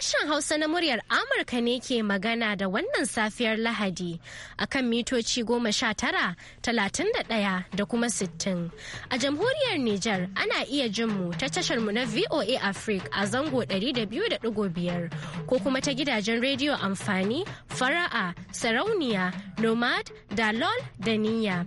Sashen Hausa na muryar Amurka ne ke magana da wannan safiyar Lahadi a kan mitoci goma sha tara, talatin da ɗaya da kuma sittin. A jamhuriyar Nijar ana iya jin mu ta tashar mu na VOA Africa a zango biyar, ko kuma ta gidajen rediyo amfani, fara'a, sarauniya, nomad, dalol da niyya.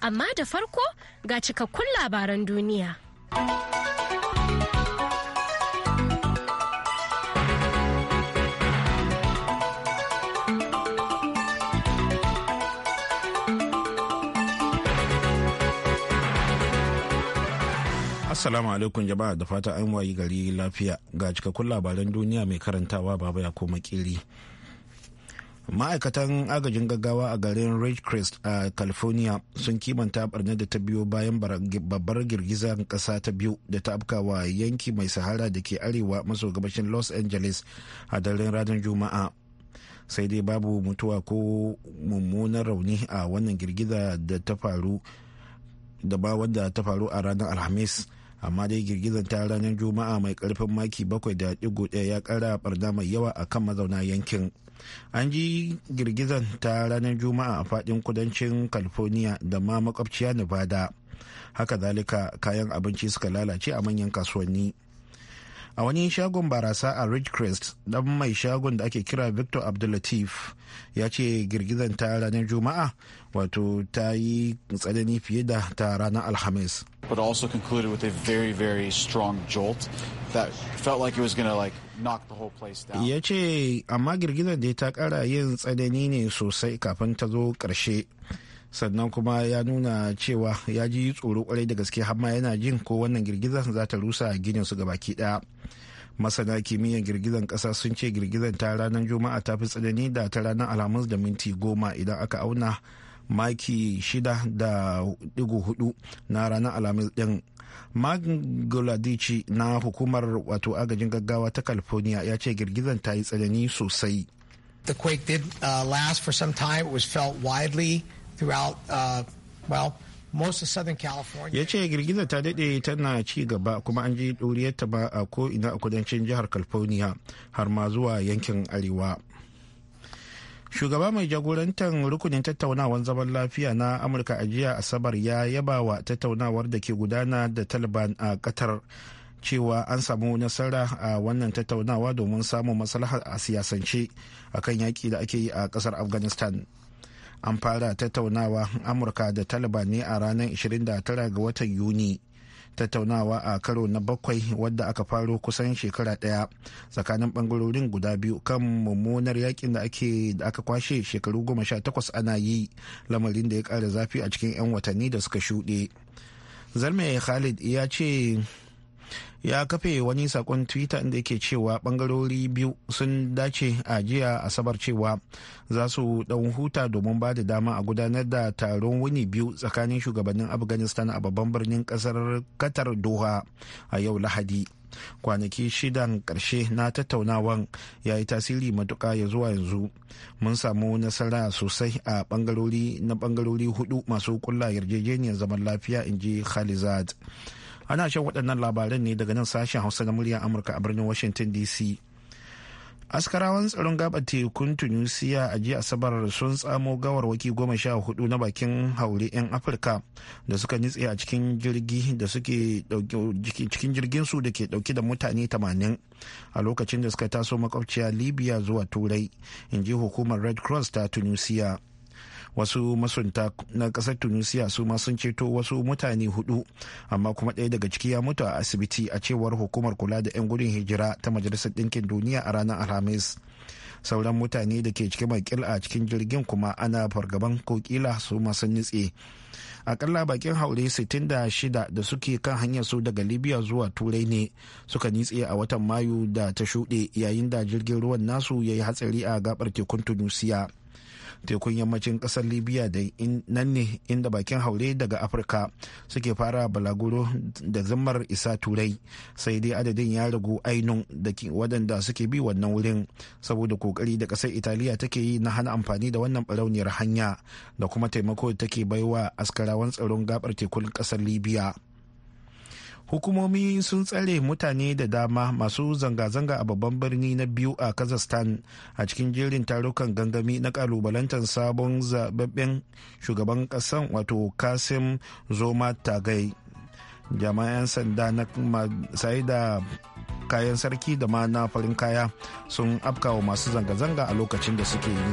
amma da farko ga cikakkun labaran duniya. Assalamu alaikum jama'a da fata an wayi gari lafiya ga cikakkun labaran duniya mai karantawa baba ya koma kiri. ma'aikatan agajin gaggawa a garin ridgecrest a california sun kimanta barna da ta biyo bayan babbar girgizar kasa ta biyu da ta wa yanki mai sahara da ke arewa maso gabashin los angeles a daren ranar juma'a sai dai babu mutuwa ko mummunan rauni a wannan girgiza da ta faru da ba wanda ta faru a ranar alhamis amma dai girgizar ta ranar juma'a mai karfin maki bakwai da digo ɗaya ya kara barna mai yawa a kan mazauna yankin an ji girgizar ta ranar juma'a a faɗin kudancin california da ma makwabciya nevada haka zalika kayan abinci suka lalace a manyan kasuwanni a wani shagon barasa a ridgecrest dan mai shagon da ake kira victor abdullatif ya ce girgizan ta ranar juma'a wato ta yi tsanani fiye da ta ranar alhamis but also concluded with a very very strong jolt that felt like it was gonna like ya ce amma girgizar da ta kara yin tsanani ne sosai kafin ta zo karshe sannan kuma ya nuna cewa ya ji tsoro kwarai da gaske har yana jin ko wannan girgizar za ta rusa ginin su gabaki daya masana kimiyyar girgizar kasa sun ce girgizar ta ranar juma'a ta fi tsanani da ta ranar alhamis da minti goma idan aka auna maki shida da digo hudu na ranar alhamis din maguladici na hukumar wato agajin gaggawa ta california ya ce girgizar ta yi tsanani sosai The quake did uh, last for some time. It was felt widely. throughout, uh, well, most of Southern California. Ya ce girgiza ta daɗe tana ci gaba kuma an ji ɗuriyarta ba a ko'ina a kudancin jihar California har ma zuwa yankin Arewa. Shugaba mai jagorantar rukunin tattaunawar zaman lafiya na Amurka a jiya Asabar ya yaba wa tattaunawar da ke gudana da Taliban a Qatar cewa an samu nasara a wannan tattaunawa domin samun maslahar a siyasance akan yaƙi da ake yi a ƙasar Afghanistan. an fara tattaunawa amurka da taliban ne a ranar 29 ga watan yuni tattaunawa a karo na bakwai wadda aka faro kusan shekara daya tsakanin bangarorin guda biyu kan mummunar yakin da ake aka kwashe shekaru goma sha takwas ana yi lamarin da ya kara zafi a cikin 'yan watanni da suka shuɗe zarme khalid ya ce ya kafe wani sakon twitter inda yake cewa bangarori biyu sun dace a jiya asabar cewa za su dan huta domin ba da dama a gudanar da taron wani biyu tsakanin shugabannin afghanistan a babban birnin kasar qatar doha a yau lahadi kwanaki shidan karshe na tattaunawan ya yi tasiri matuka ya zuwa yanzu mun samu nasara sosai a bangarori na bangarori hudu masu kulla yarjejeniyar zaman lafiya in ji khalizad ana shan waɗannan labaran ne daga nan sashen hausa na muryar amurka a birnin washington dc askarawan tsaron gaba tekun tunisia a jiya asabar sun tsamo gawarwaki goma sha hudu na bakin haure 'yan afirka da suka nitse a cikin jirgi da cikin jirgin su da ke dauke da mutane 80 a lokacin da suka taso makwabciya libya zuwa turai in ji hukumar red cross ta tunisia wasu masunta na kasar tunisia su ma sun ceto wasu mutane hudu amma kuma ɗaya daga ciki ya mutu a asibiti a cewar hukumar kula da 'yan gudun hijira ta majalisar ɗinkin duniya a ranar alhamis sauran mutane da ke cikin makil a cikin jirgin kuma ana fargaban ko kila su masu nutse akalla bakin haure 66 da suke kan hanyar su daga libya zuwa turai ne suka nitse a watan mayu da ta shuɗe yayin da jirgin ruwan nasu ya yi hatsari a gabar tekun tunisia tekun yammacin kasar libya da nan ne inda bakin haure daga afirka suke fara balaguro da zimmar isa turai sai dai adadin ya ragu ainun da waɗanda suke bi wannan wurin saboda kokari da kasar italiya take yi na hana amfani da wannan barauniyar hanya da kuma taimako da take baiwa askarawan tsaron gabar tekun kasar libya hukumomi sun tsare mutane da dama masu zanga-zanga a babban birni na biyu a kazakhstan a cikin jerin tarukan gangami na kalubalantar sabon zababben shugaban kasan wato kasim zoma tagai jama'an sanda na sai da kayan sarki da ma na farin kaya sun afkawa masu zanga-zanga a lokacin da suke yi.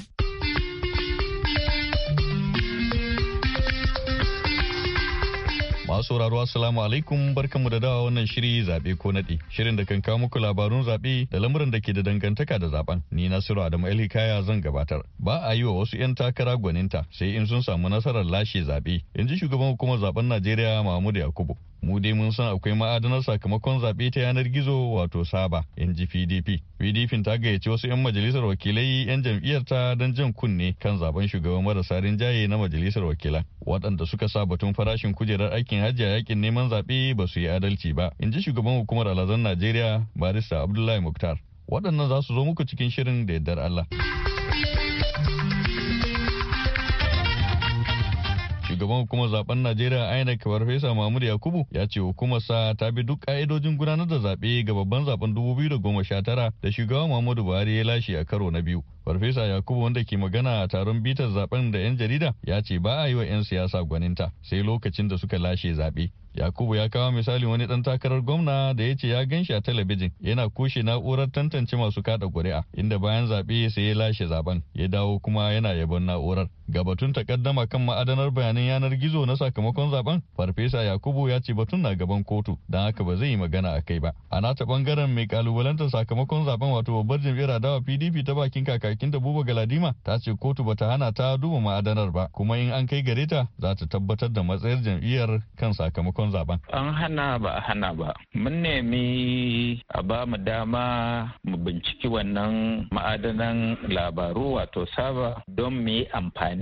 Masu sauraro Assalamu alaikum barkamu da dawa wannan shiri zabe ko nade Shirin da kan kawo muku labarun zabe da lamuran da ke da dangantaka da zaben. Ni Nasiru Adamu kaya zan gabatar. Ba a yi wa wasu 'yan takara gwaninta sai in sun samu nasarar lashe zabe. In ji shugaban hukumar zaben Najeriya Mahmud Yakubu. mu dai mun san akwai ma'adanar sakamakon zaɓe ta yanar gizo wato saba in ji pdp pdp ta gayyaci wasu 'yan majalisar wakilai 'yan jam'iyyar ta don jan kunne kan zaben shugaban marasa rinjaye na majalisar wakilan waɗanda suka sa batun farashin kujerar aikin hajji a yakin neman zaɓe ba su yi adalci ba in ji shugaban hukumar alhazan najeriya barista abdullahi muktar waɗannan za su zo muku cikin shirin da yardar allah shugaban hukumar zaben Najeriya INEC Farfesa Mahmud Yakubu ya ce hukumar sa ta bi duk ka'idojin gudanar da zaɓe ga babban zaben 2019 da shugaban Muhammadu Buhari ya lashe a karo na biyu. Farfesa Yakubu wanda ke magana a taron bitar zaben da 'yan jarida ya ce ba a yi wa 'yan siyasa gwaninta sai lokacin da suka lashe zaɓe. Yakubu ya kawo misalin wani ɗan takarar gwamna da ya ce ya gan shi a talabijin yana kushe na'urar tantance masu kada ƙuri'a inda bayan zaɓe sai ya lashe zaben ya dawo kuma yana yabon na'urar. Ga batun takaddama kan ma'adanar bayanan yanar gizo na sakamakon zaben, Farfesa Yakubu ya ce batun na gaban kotu, don haka ba zai yi magana a kai ba. A nata bangaren mai kalubalantar sakamakon zaben wato babbar jam'iyyar adawa PDP ta bakin kakakin da Buba Galadima ta ce kotu bata hana ta duba ma'adanar ba, kuma in an kai gare ta za ta tabbatar da matsayar jam'iyyar kan sakamakon zaben. An hana ba hana ba. Mun nemi a ba mu dama mu binciki wannan ma'adanan labaru wato saba don mu yi amfani amfani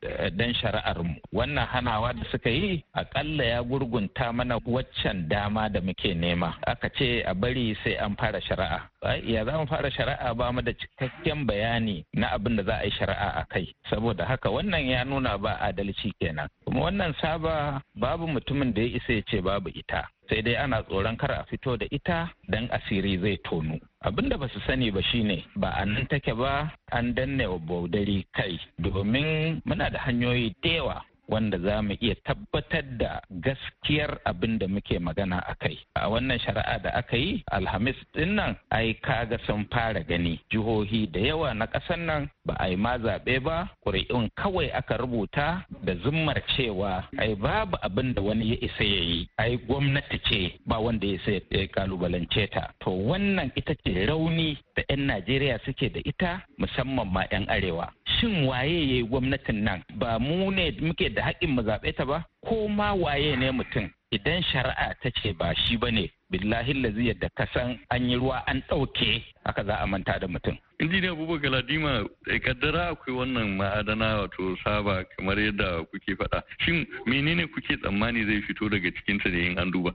da shi dan mu. wannan hanawa da suka yi akalla ya gurgunta mana waccan dama da muke nema aka ce a bari sai an fara shari'a ya za mu fara shari'a ba mu da cikakken bayani na abin da za a yi shari'a a kai saboda haka wannan ya nuna ba adalci kenan kuma wannan saba babu mutumin da ya isa ya ce babu ita sai dai ana tsoron kar a fito da ita don asiri zai tonu abin da ba su sani ba shine ba a nan take ba an danne wa baudari kai domin muna da hanyoyi da wanda za mu iya tabbatar da gaskiyar abin da muke magana a kai a wannan shari'a da aka yi alhamis nan ai kaga sun fara gani jihohi da yawa na ƙasar nan ba a yi ma zaɓe ba ƙuri'un kawai aka rubuta da zummar cewa ai babu abin da wani ya isa ya yi ai gwamnati ce ba wanda ya isa ya kalubalance ta to wannan ita ce rauni da 'yan najeriya suke da ita musamman ma 'yan arewa shin waye ya yi gwamnatin nan ba mu ne muke da da haƙƙin mu zaɓe ta ba ko ma waye ne mutum idan shari'a ta ce ba shi ba ne billahi lazi yadda ka san an yi ruwa an ɗauke haka za a manta da mutum. injiniya abubuwa galadima da eh, kaddara akwai wannan ma'adana wato saba kamar yadda kuke faɗa shin menene kuke tsammani zai fito daga cikinta ta ne in an duba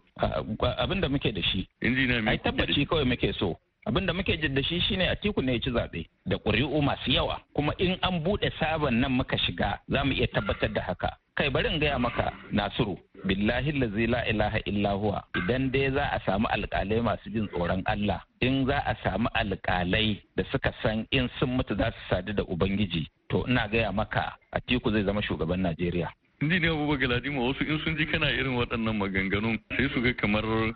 abin da muke da shi injiniya ai tabbaci kawai muke so abin da muke jaddashi shine a tiku ne ya ci zaɓe da ƙuri'u masu yawa kuma in an buɗe sabon nan muka shiga za mu iya tabbatar da haka kai bari in gaya maka nasiru billahi lazi la ilaha illa idan dai za a samu alƙalai masu jin tsoron Allah in za a samu alƙalai da suka san in sun mutu za su sadu da ubangiji to ina gaya maka a tiku zai zama shugaban Najeriya ne abubuwa galadima wasu in sun ji kana irin waɗannan maganganun sai su ga kamar a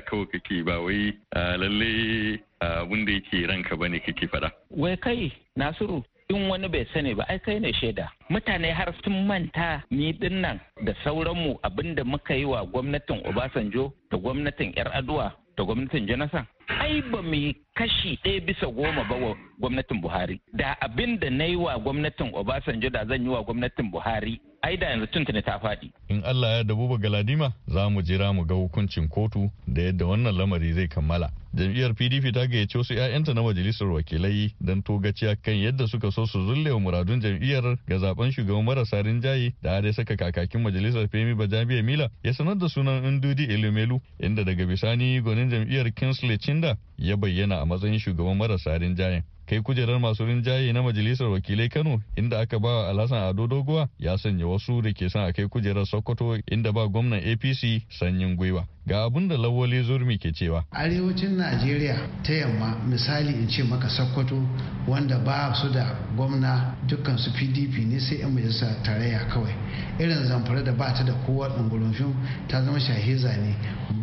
kawai kake ba wai lalle abin da yake ranka ba ne kake faɗa. wai kai nasiru in wani bai sani ba ai kai ne shaida mutane har sun manta ni dinnan da sauranmu abin da muka yi wa gwamnatin obasanjo da gwamnatin yar aduwa da gwamnatin jonathan ai ba mu kashi ɗaya bisa goma ba wa gwamnatin Buhari. Da abin da na yi wa gwamnatin Obasanjo da zan yi wa gwamnatin Buhari, ai da yanzu tuntuni ta faɗi. In Allah ya dabu ba galadima, za mu jira mu ga hukuncin kotu da yadda wannan lamari zai kammala. Jam'iyyar PDP ta gayyace wasu 'ya'yanta na majalisar wakilai don togaciya kan yadda suka so su zulle wa muradun jam'iyyar ga zaben shugaban marasa rinjaye da ya saka kakakin majalisar Femi Bajabiya Mila ya sanar da sunan Ndudi Elumelu inda daga bisani gwanin jam'iyyar Kingsley Chin lokacin ya bayyana a matsayin shugaban marasa rinjayen kai kujerar masu rinjaye na majalisar wakilai kano inda aka ba alhassan ado doguwa ya sanya wasu da ke san a kai kujerar sokoto inda ba gwamnan apc sanyin gwiwa ga abin da lawali zurmi ke cewa arewacin najeriya ta yamma misali in ce maka sokoto wanda ba su da gwamna dukkan su pdp ne sai yan majalisa tarayya kawai irin zamfara da ba ta da kowa ɗungurumfin ta zama shahiza ne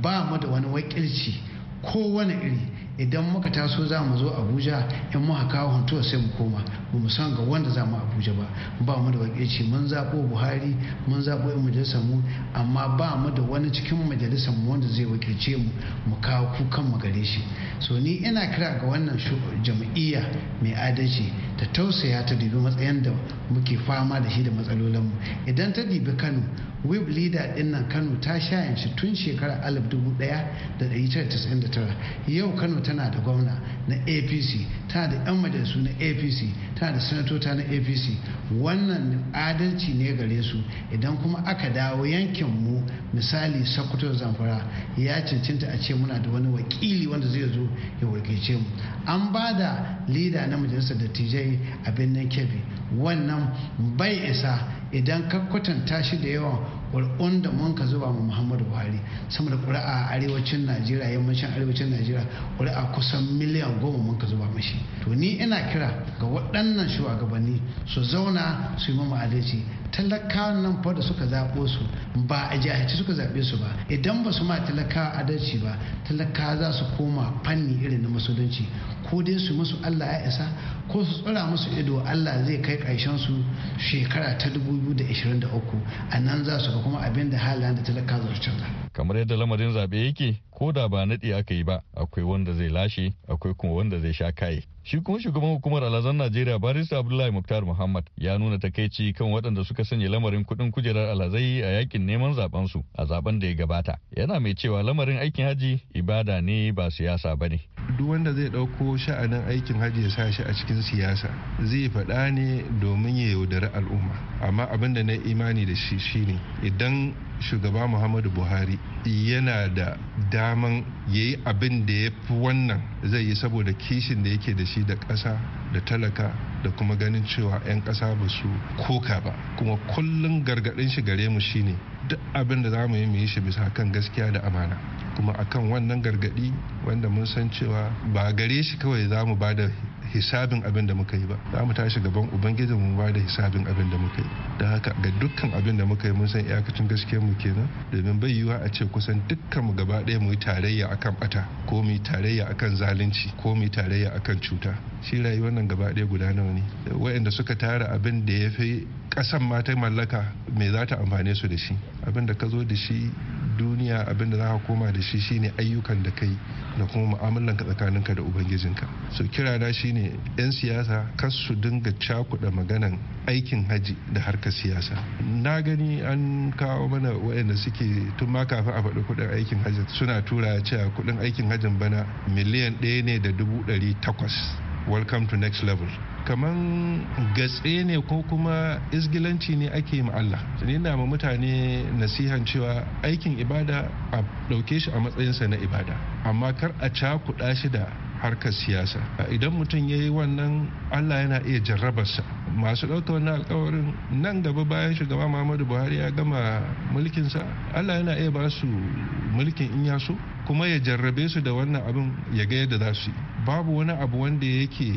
ba mu da wani wakilci kowane iri idan muka taso za mu zo abuja in muka kawo hantuwa sai mu koma ba mu san ga wanda za mu abuja ba ba mu da wakilci mun zaɓo buhari mun zaɓo yan majalisar mu amma ba mu da wani cikin majalisar mu wanda zai wakilce mu mu kawo kukan mu gare shi so ni ina kira ga wannan jam'iyya mai adalci ta tausaya ta dubi matsayin da muke fama da shi da matsalolin mu idan ta dibi kano web leader din nan kano ta sha yanci tun shekarar 1999 yau kano tana da gwamna na apc tana da 'yan majalisu na apc tana da sanatota na apc wannan adalci ne gare su idan kuma aka dawo yankinmu misali sokoto zamfara ya cancanta a ce muna da wani wakili wanda zai zo ya wakilce mu an ba da lida na majalisar dattijai a birnin kebbi wannan bai isa idan ka kwatanta shi da yawan walƙon da mun ka zuba ma muhammadu buhari sama da ƙuri'a a arewacin najeriya yammacin arewacin najeriya ƙuri'a kusan miliyan goma mun ka zuba mashi to ni ina kira ga waɗannan shugabanni su zauna su yi mamu adalci talakawan nan fa da suka zaɓo su ba a jahilci suka zaɓe su ba idan ba su ma talakawa adalci ba talakawa za su koma fanni irin na masudanci ko dai su musu allah ya isa ko su tsura musu ido allah zai kai ƙarshen su shekara ta dubu 2023 a nan za su ga kuma abin da halayen da talaka za kamar yadda lamarin zaɓe yake ko da ba naɗi aka yi ba akwai wanda zai lashe akwai kuma wanda zai sha kaye Shi kuma shugaban hukumar alazan Najeriya Barista Abdullahi Muktar Muhammad ya nuna takaici kan waɗanda suka sanya lamarin kuɗin kujerar alazai a yakin neman zaben su a zaben da ya gabata. Yana mai cewa lamarin aikin haji ibada ne ba siyasa ba ne. Duk wanda zai ɗauko sha'anin aikin haji ya sa shi a cikin siyasa zai faɗa ne domin ya yaudari al'umma. Amma abin da na imani da shi shine idan shugaba muhammadu buhari yana da daman ya yi abin da ya fi wannan zai yi saboda kishin da yake da shi da ƙasa da talaka da kuma ganin cewa 'yan ƙasa ba su koka ba kuma kullum gargaɗin shi gare mu shine duk abin da za mu yi mu yi shi bisa kan gaskiya da amana kuma akan wannan gargaɗi wanda mun san cewa ba gare shi kawai za mu ba da hisabin abin da muka yi ba za mu tashi gaban ubangiji mu ba da hisabin abin da muka yi da haka ga dukkan abin da muka yi mun san iyakacin gaske mu kenan domin bai yiwuwa a ce kusan dukkan mu gaba ɗaya mu yi tarayya akan bata ko mu yi tarayya akan zalunci ko mu yi tarayya akan cuta shi rayuwar nan gaba ɗaya guda nawa ne waɗanda suka tara abin da ya fi ƙasan ma ta mallaka me za ta amfane su da shi abin da ka zo da shi duniya abin da za ka koma da shi shine ayyukan da kai da kuma mu'amalan ka tsakaninka da ubangijinka so kira na shine yan siyasa kas su dinga cakuɗa maganan aikin haji da harkar siyasa na gani an kawo mana waɗanda suke tun ma kafin a faɗi kuɗin aikin hajji suna tura cewa kuɗin aikin hajjin bana miliyan ɗaya ne da dubu ɗari takwas welcome to next level kaman gatse ne ko kuma izgilanci ne ake yi Allah ni na ma mutane nasihan cewa aikin ibada a ɗauke shi a matsayinsa na ibada amma kar a cakuɗa shi da harkar siyasa idan mutum ya yi wannan allah yana iya jarrabarsa masu ɗauka wannan alkawarin nan gaba bayan shugaba muhammadu buhari ya gama mulkinsa allah yana iya ba su mulkin in ya so kuma ya jarrabe su da wannan abin ya ga yadda za su yi babu wani abu wanda yake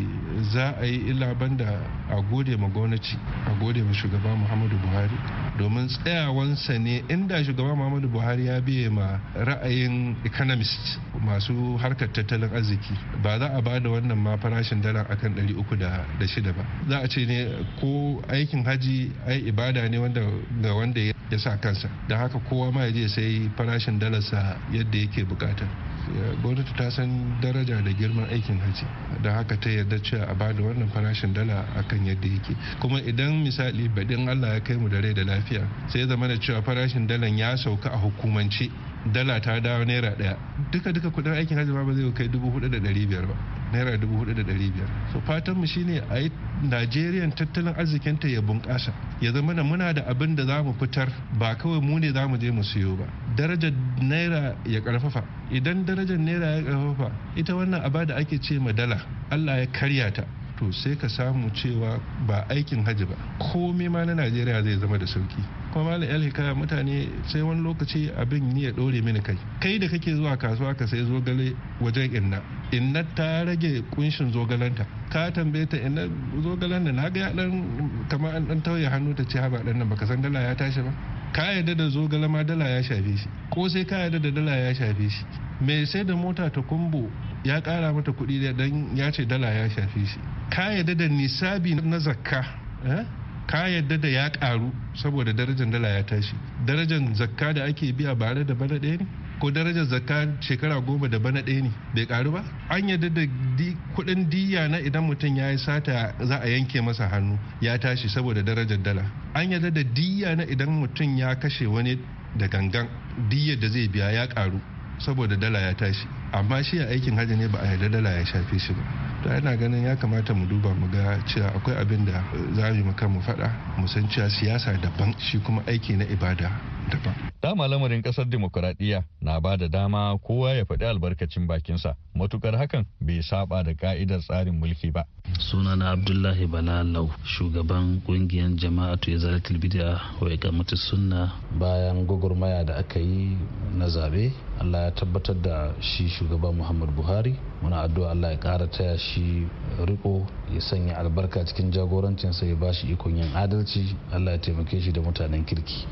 za a yi illa banda a gode ma gwamnati a gode ma shugaba muhammadu buhari domin tsayawansa ne inda shugaba muhammadu buhari ya biye ma ra'ayin economist masu harkar tattalin arziki ba za a da wannan ma farashin dala akan 306 ba za a ce ne ko aikin haji ai ibada ne wanda ga wanda ya sa kansa da haka kowa ma ya je sai farashin dalarsa yadda yake bukata gwamnati ta san daraja da girman aikin hajji da haka ta yarda cewa a bada wannan farashin dala akan yadda yake kuma idan misali baɗin allah ya kai mu da rai da lafiya sai ya zama da cewa farashin dalan ya sauka a hukumance dala ta dawo naira daya duka duka kudin aikin hajji ba zai kai dubu hudu da dari biyar ba naira dubu hudu da dari biyar so fatan mu shine a yi najeriya tattalin arzikinta ya bunkasa ya zama na muna da abin da za mu fitar ba kawai mu ne za mu je mu siyo ba darajar naira ya karfafa idan darajar naira ya karfafa ita wannan aba da ake ce ma dala allah ya karya ta to sai ka samu cewa ba aikin hajji ba komai ma na najeriya zai zama da sauki kuma malam alhikaya mutane sai wani lokaci abin ni ya dore mini kai kai da kake zuwa kasuwa ka sai zogale wajen inna inna ta rage kunshin zogalanta ka tambaye ta inna zogalan da na ya dan kamar an dan tauye hannu ta ce haba dan nan baka san dala ya tashi ba ka yadda da zogale ma dala ya shafe shi ko sai ka yadda da dala ya shafe shi mai sai da mota ta kumbo ya kara mata kuɗi da dan ya ce dala ya shafe shi ka yadda da nisabi na zakka eh? ka yadda da ya karu saboda darajar dala ya tashi darajar zakka da ake biya bare da bana ɗaya ne ko darajar zakka shekara goma da bana ɗaya ne bai karu ba an yadda da kuɗin diya na idan mutum ya yi sata za a yanke masa hannu ya tashi saboda darajar dala an yadda da diya na idan mutum ya kashe wani da gangan diyar da zai biya ya karu saboda dala ya tashi amma shi a aikin hajji ne ba a yarda dala ya shafe shi ba to ina ganin ya kamata mu duba mu ga cewa akwai abin da za mu kan mu faɗa mu san cewa siyasa daban shi kuma aiki na ibada daban dama lamarin kasar demokuraɗiyya na ba da dama kowa ya faɗi albarkacin bakinsa matukar hakan bai saba da ka'idar tsarin mulki ba sunana abdullahi Bala lau shugaban kungiyar jama'atu ya zara tilbidiya wa kamata sunna bayan gwagwarmaya da aka yi na zabe allah ya tabbatar da shi shugaba muhammad buhari muna addu'a allah ya kara taya shi riko ya sanya albarka cikin jagorancinsa ya bashi ikon yin adalci allah ya taimake shi da mutanen kirki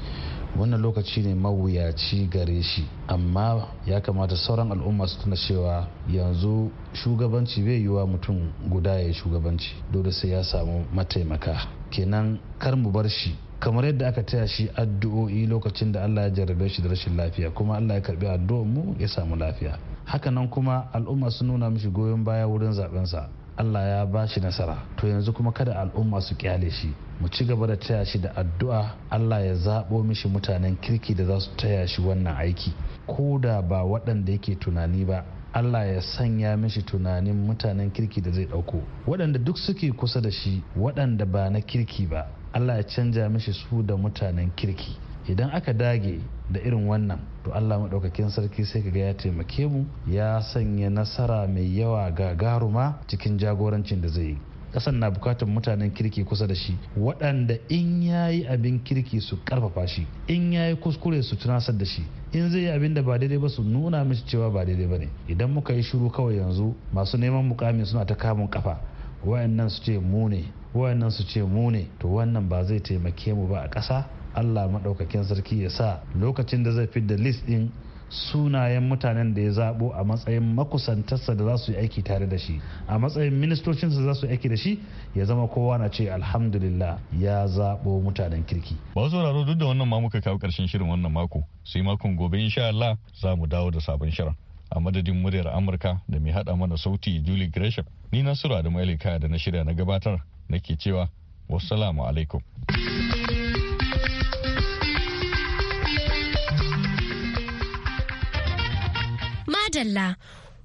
wannan lokaci ne mawuyaci gare shi amma ya kamata sauran al'umma su tuna cewa yanzu shugabanci bai yiwa mutum guda ya shugabanci dole sai ya samu mataimaka kenan kar mu bar shi kamar yadda aka taya shi addu'o'i lokacin da allah ya jarrabe shi da rashin lafiya kuma allah ya karbi addu'ar mu ya samu lafiya hakanan kuma al'umma su nuna mishi goyon baya wurin sa allah ya ba shi nasara to yanzu kuma kada al'umma su kyale shi mu ci gaba da taya shi da addu'a allah ya zaɓo mishi mutanen kirki da za su taya shi wannan aiki ko da ba waɗanda yake tunani ba Allah ya sanya mishi tunanin mutanen kirki da zai ɗauko waɗanda duk suke kusa da shi waɗanda ba na kirki ba Allah ya canja mishi su da mutanen kirki idan aka dage da irin wannan to allah maɗaukakin sarki sai kaga ya taimake mu ya sanya nasara mai yawa gagaruma cikin jagorancin da zai yi Ƙasan na bukatar mutanen kirki kusa da shi waɗanda in ya yi abin kirki su ƙarfafa shi in ya yi kuskure su tunasar da shi in zai yi abin da ba daidai ba su nuna mishi cewa ba daidai ba ne idan muka yi shiru kawai yanzu masu neman mukami suna ta kamun kafa wayannan su ce mu ne wayannan su ce mu ne to wannan ba zai taimake mu ba a ƙasa allah maɗaukakin sarki ya sa lokacin da zai fidda list ɗin sunayen mutanen da ya zaɓo a matsayin makusantarsa da za su yi aiki tare da shi a matsayin ministocinsa za su yi aiki da shi ya zama kowa na ce alhamdulillah ya zaɓo mutanen kirki ba su sauraro duk da wannan ma muka kawo karshen shirin wannan mako sai makon gobe insha Allah za mu dawo da sabon shirin a madadin muryar Amurka da mai hada mana sauti Julie Gresham ni Nasiru da Kaya da na shirya na gabatar nake cewa wassalamu alaikum Dalla.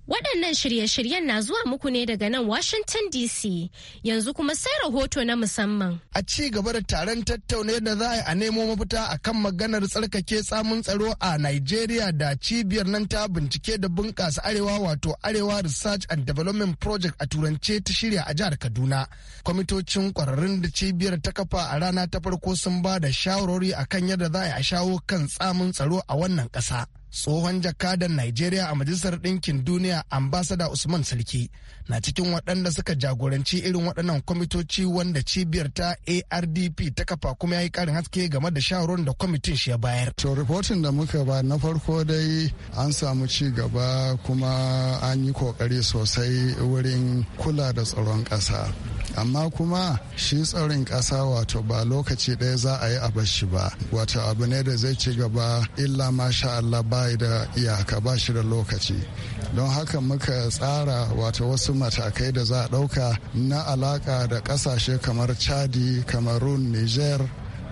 Waɗannan shirye-shiryen na zuwa muku ne daga nan Washington DC yanzu kuma sai rahoto na musamman. A ci gaba da taron tattauna yadda za a nemo mafita a kan maganar tsarkake tsamun tsaro a Nigeria da cibiyar nan ta bincike da bunƙasa arewa wato Arewa Research and Development Project a turance ta shirya a jihar Kaduna. Kwamitocin ƙwararrun da cibiyar ta kafa a rana ta farko sun ba da shawarwari akan yadda za a shawo kan tsamun tsaro a wannan ƙasa. tsohon jakadan Najeriya a Majalisar Ɗinkin Duniya ambasada Usman Sarki na cikin waɗanda suka jagoranci irin waɗannan kwamitoci wanda cibiyar ta ARDP ta kafa kuma ya yi ƙarin haske game da shawarar da kwamitin shi ya bayar. To reporting da muka ba na farko dai an samu ci gaba kuma an yi kokari sosai wurin kula da tsaron ƙasa. amma kuma shi tsarin ƙasa wato ba lokaci ɗaya za a yi a bashi ba wato abu ne da zai ci gaba illa masha Allah ba ba da iyaka ba shi da lokaci don haka muka tsara wata wasu matakai da za a ɗauka na alaka da ƙasashe kamar chadi cameroon niger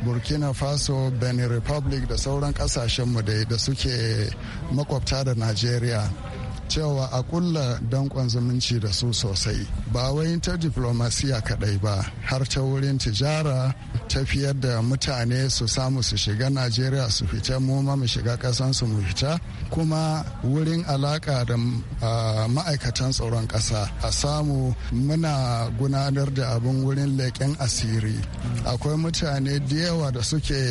burkina faso benin republic da sauran kasashenmu da suke makwabta da nigeria. cewa a kulla dankon zumunci da su sosai ba wai ta diplomasiya kadai ba har ta wurin tijara tafiyar da mutane su samu su shiga najeriya su fita mu ma mu shiga su mu fita kuma wurin alaka da ma'aikatan tsaron ƙasa a samu muna gudanar da abin wurin leƙen asiri akwai mutane da yawa da suke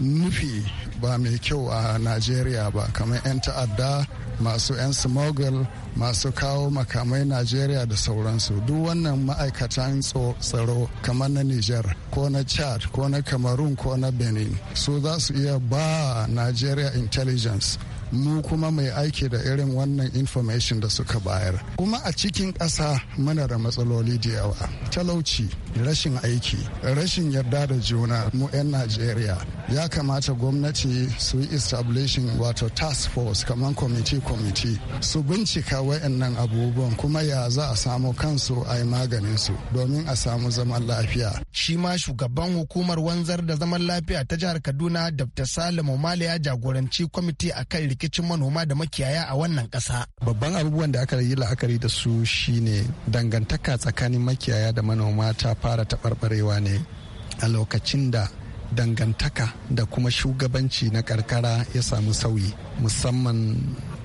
nufi ba mai kyau a najeriya ba kamar 'yan ta'adda masu 'yan smuggle masu kawo makamai najeriya da sauransu duk wannan ma'aikatan tsaro kamar na niger ko na chad ko na cameroon ko na benin su za su iya ba Najeriya intelligence mu kuma mai aiki da irin wannan information da suka bayar kuma a cikin ƙasa mana da matsaloli da yawa talauci rashin aiki rashin yarda da juna mu 'yan najeriya ya kamata gwamnati su yi establishing wato task force kamar committee committee su bincika wayannan abubuwan kuma ya za a samu kansu a yi maganin su domin a samu zaman lafiya shi ma shugaban hukumar wanzar da zaman lafiya ta jihar kaduna dr salimu male ya jagoranci kwamiti kai. rikicin manoma da makiyaya a wannan ƙasa. Babban abubuwan da aka yi la'akari da su shine dangantaka tsakanin makiyaya da manoma ta fara taɓarɓarewa ne a lokacin da dangantaka da kuma shugabanci na karkara ya samu sauyi musamman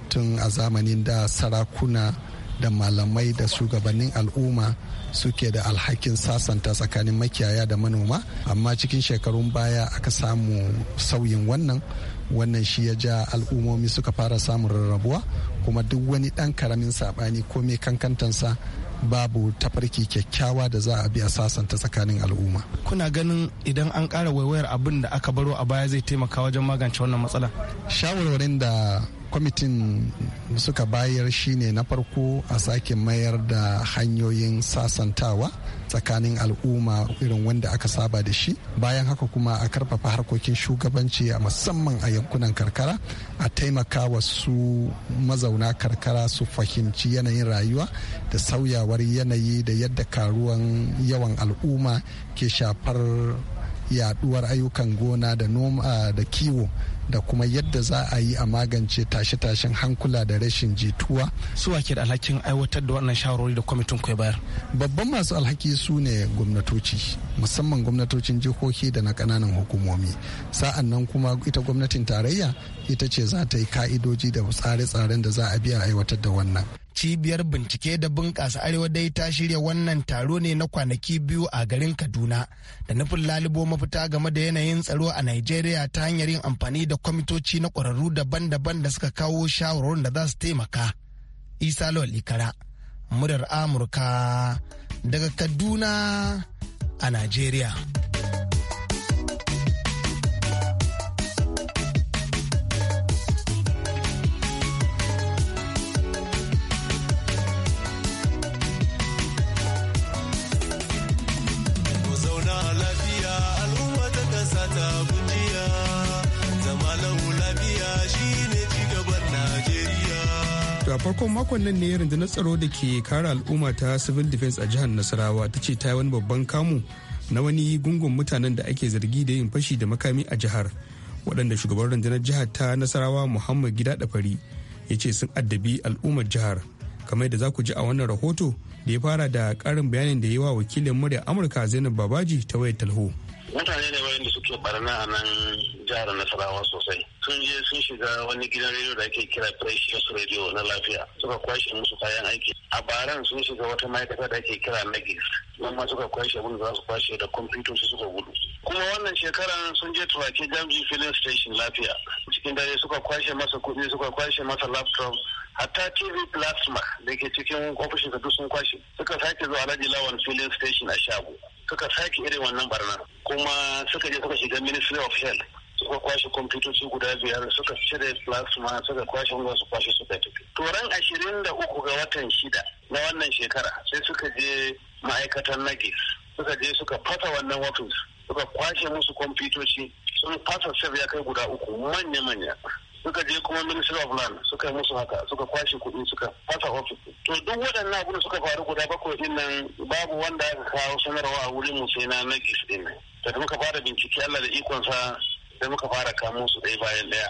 tun a zamanin da sarakuna da malamai da shugabannin al'umma suke da alhakin sasanta tsakanin makiyaya da manoma amma cikin shekarun baya aka samu sauyin wannan wannan shi ya ja al'ummomi suka fara samun rarrabuwa kuma duk wani ɗan karamin saɓani ko mai kankantansa babu tafarki kyakkyawa da za a bi a sasanta tsakanin al'umma. Kuna ganin idan an ƙara waiwayar abin da aka baro a baya zai taimaka wajen magance wannan matsala? Shawarwarin da kwamitin suka bayar shine na farko a sake mayar da hanyoyin sasantawa tsakanin al'umma irin wanda aka saba da shi bayan haka kuma a karfafa harkokin shugabanci a musamman a yankunan karkara a taimaka wa su mazauna karkara su fahimci yanayin rayuwa da sauyawar yanayi da yadda karuwan yawan al'umma ke shafar yaduwar ayyukan gona da noma da kiwo da kuma yadda za a yi a magance tashe-tashen hankula da rashin jituwa. Su ke da alhakin aiwatar da wannan shawarwari da kwamitin kwai bayar? Babban masu alhaki su ne gwamnatoci, musamman gwamnatocin jihohi da na kananan hukumomi. Sa'an nan kuma ita gwamnatin tarayya ita ce za ta yi ka'idoji da tsare-tsaren da za a biya aiwatar da wannan. cibiyar bincike da bunƙasa arewa dai ta shirya wannan taro ne na kwanaki biyu a garin kaduna da nufin lalubo mafita game da yanayin tsaro a nigeria ta hanyar yin amfani da kwamitoci na ƙwararru daban-daban da suka kawo shawarwarin da za su taimaka isa lawal ikara murar amurka daga kaduna a nigeria farkon makon nan ne rundunar tsaro da ke kare al'umma ta civil defense a jihar nasarawa ta ce ta yi wani babban kamu na wani gungun mutanen da ake zargi da yin fashi da makami a jihar waɗanda shugaban rundunar jihar ta nasarawa muhammad gida ɗafari ya ce sun addabi al'ummar jihar kamar da za ku ji a wannan rahoto da ya fara da karin bayanin da ya yi wa wakilin murya amurka zainab babaji ta wayar talho mutane ne wayanda suke barna a nan jihar nasarawa sosai sun je sun shiga wani gidan rediyo da ake kira precious radio na lafiya suka kwashe musu kayan aiki a baran sun shiga wata ma'aikata da ake kira nagis kuma ma suka kwashe abin da za su kwashe da su suka gudu kuma wannan shekaran sun je turake jamji filin station lafiya cikin dare suka kwashe masa kuɗi suka kwashe masa laptop hatta tv plasma da ke cikin ofishin duk sun kwashe suka sake zuwa alhaji filin station a shago suka sake irin wannan barna kuma kuma suka je suka shiga ministry of health suka kwashe kwamfutoci guda biyar suka cire plasma suka kwashe wanda su kwashe suka tafi turan ashirin da uku ga watan shida na wannan shekara sai suka je ma'aikatan nagis e suka je suka fasa wannan ofis suka kwashe musu kwamfutoci sun fasa sef ya kai guda uku manya-manya suka je kuma ministry of land suka yi musu haka suka kwashe kuɗi suka fasa ofis to duk waɗannan abin suka faru guda bakwai din nan babu wanda aka kawo sanarwa a wurin mu sai na nagis e din nan da muka fara bincike Allah da ikonsa sai muka fara kamo su ɗaya bayan ɗaya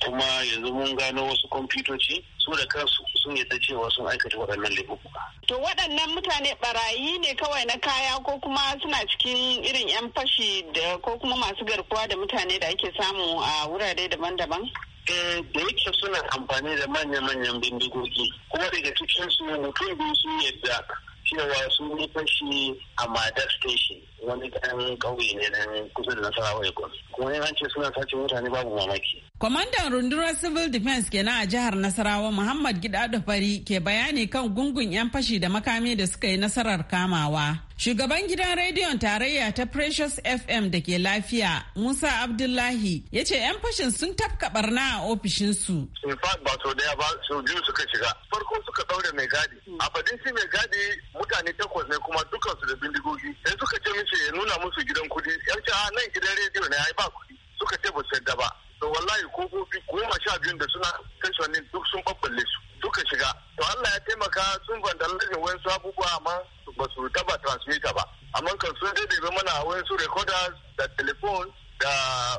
kuma yanzu mun gano wasu kwamfutoci su da kansu sun yadda cewa sun aikata waɗannan laifuka. To waɗannan mutane barayi ne kawai na kaya ko kuma suna cikin irin 'yan fashi da ko kuma masu garkuwa da mutane da ake samu a wurare daban-daban? Eh, da yake suna amfani da manya-manyan bindigogi kuma daga cikin su mutum biyu sun yadda cewa su ne fashi a madar station wani ɗan ƙauye ne nan kusa da nasarawa Ekon. kuma an ce suna sace mutane babu mamaki. kwamandan rundunar civil defense kenan a jihar nasarawa muhammad gidado fari ke bayani kan gungun yan fashi da makami da suka yi nasarar kamawa Shugaban gidan rediyon tarayya ta Precious FM da ke lafiya, Musa Abdullahi, ya ce 'yan fashin sun tafka barna a ofishinsu. In fact ba sau daya ba sau biyu suka shiga. Farko suka ɗaure mai gadi. A fadin shi mai gadi mutane takwas ne kuma dukansu da bindigogi. Sai suka ce mishi ya nuna musu gidan kudi. Yan ce nan gidan rediyo ne ya ba kudi. Suka ce ba su yadda ba. to wallahi kofofi goma sha biyun da suna tashonin duk sun babballe su duka shiga to Allah ya taimaka sun vandalizin su abubuwa amma ba su taba transmita ba amma kan sun daidaibe mana su recorders da telephone da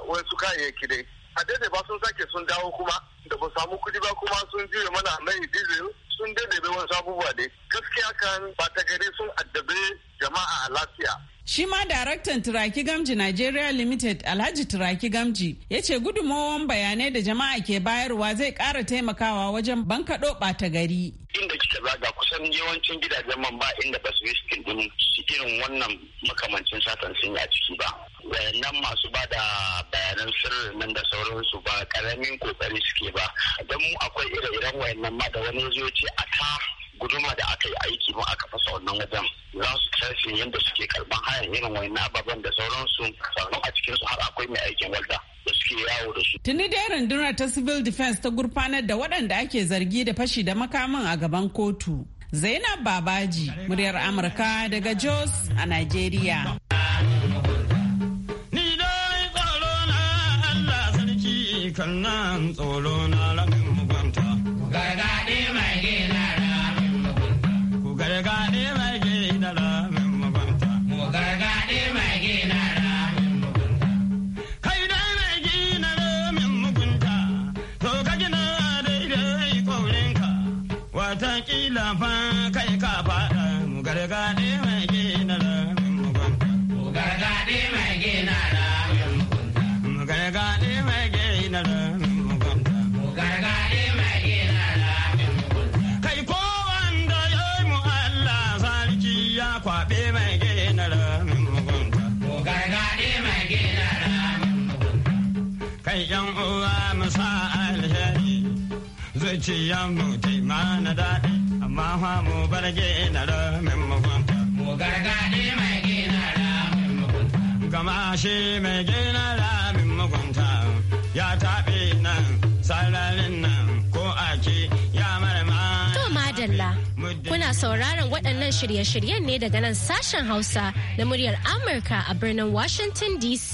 wayansu kayayyaki dai a daidai ba sun sake sun dawo kuma da ba samu kuɗi ba kuma sun juya mana mai diesel sun daidaibe wasu abubuwa dai gaskiya kan ba ta gari sun addabe jama'a a lafiya Shi ma daraktan Turaki Gamji Nigeria Limited Alhaji Turaki Gamji ya ce gudunmawan bayanai da jama'a ke bayarwa zai ƙara taimakawa wajen bankaɗo ɓata gari. Inda kika zaga kusan yawancin gidajen man ba inda ba su riskin din irin wannan makamancin satan sun yi a ciki ba. Wayannan masu ba da bayanan sirri nan da sauransu ba ƙaramin kokari suke ba. Don mu akwai ire-iren wayannan ma da wani ya ce a ta guduma da aka yi aiki ma aka fasa wannan wajen za su tashi yadda suke karban hayan irin wani ababen da sauransu sannan a cikin su har akwai mai aikin walda da suke yawo da su. Tuni dai rundunar ta civil defense ta gurfanar da waɗanda ake zargi da fashi da makamin a gaban kotu. Zainab Babaji, muryar Amurka daga Jos a nigeria. kan nan tsoro zuciyanmu ta mana daɗi amma fa mu bar gina ramin mugunta. Mu gargaɗi mai gina ramin mugunta. Gama shi mai gina ramin mugunta ya taɓe nan sararin nan ko ake ya mara ma. To madalla. Kuna sauraron waɗannan shirye-shiryen ne daga nan sashen Hausa na muryar Amurka a birnin Washington DC.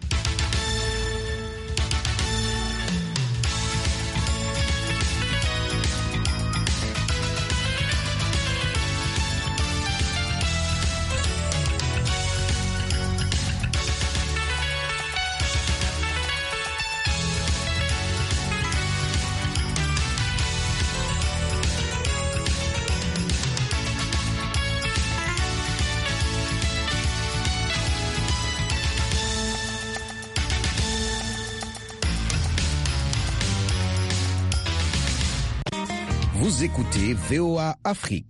écoutez VOA Afrique.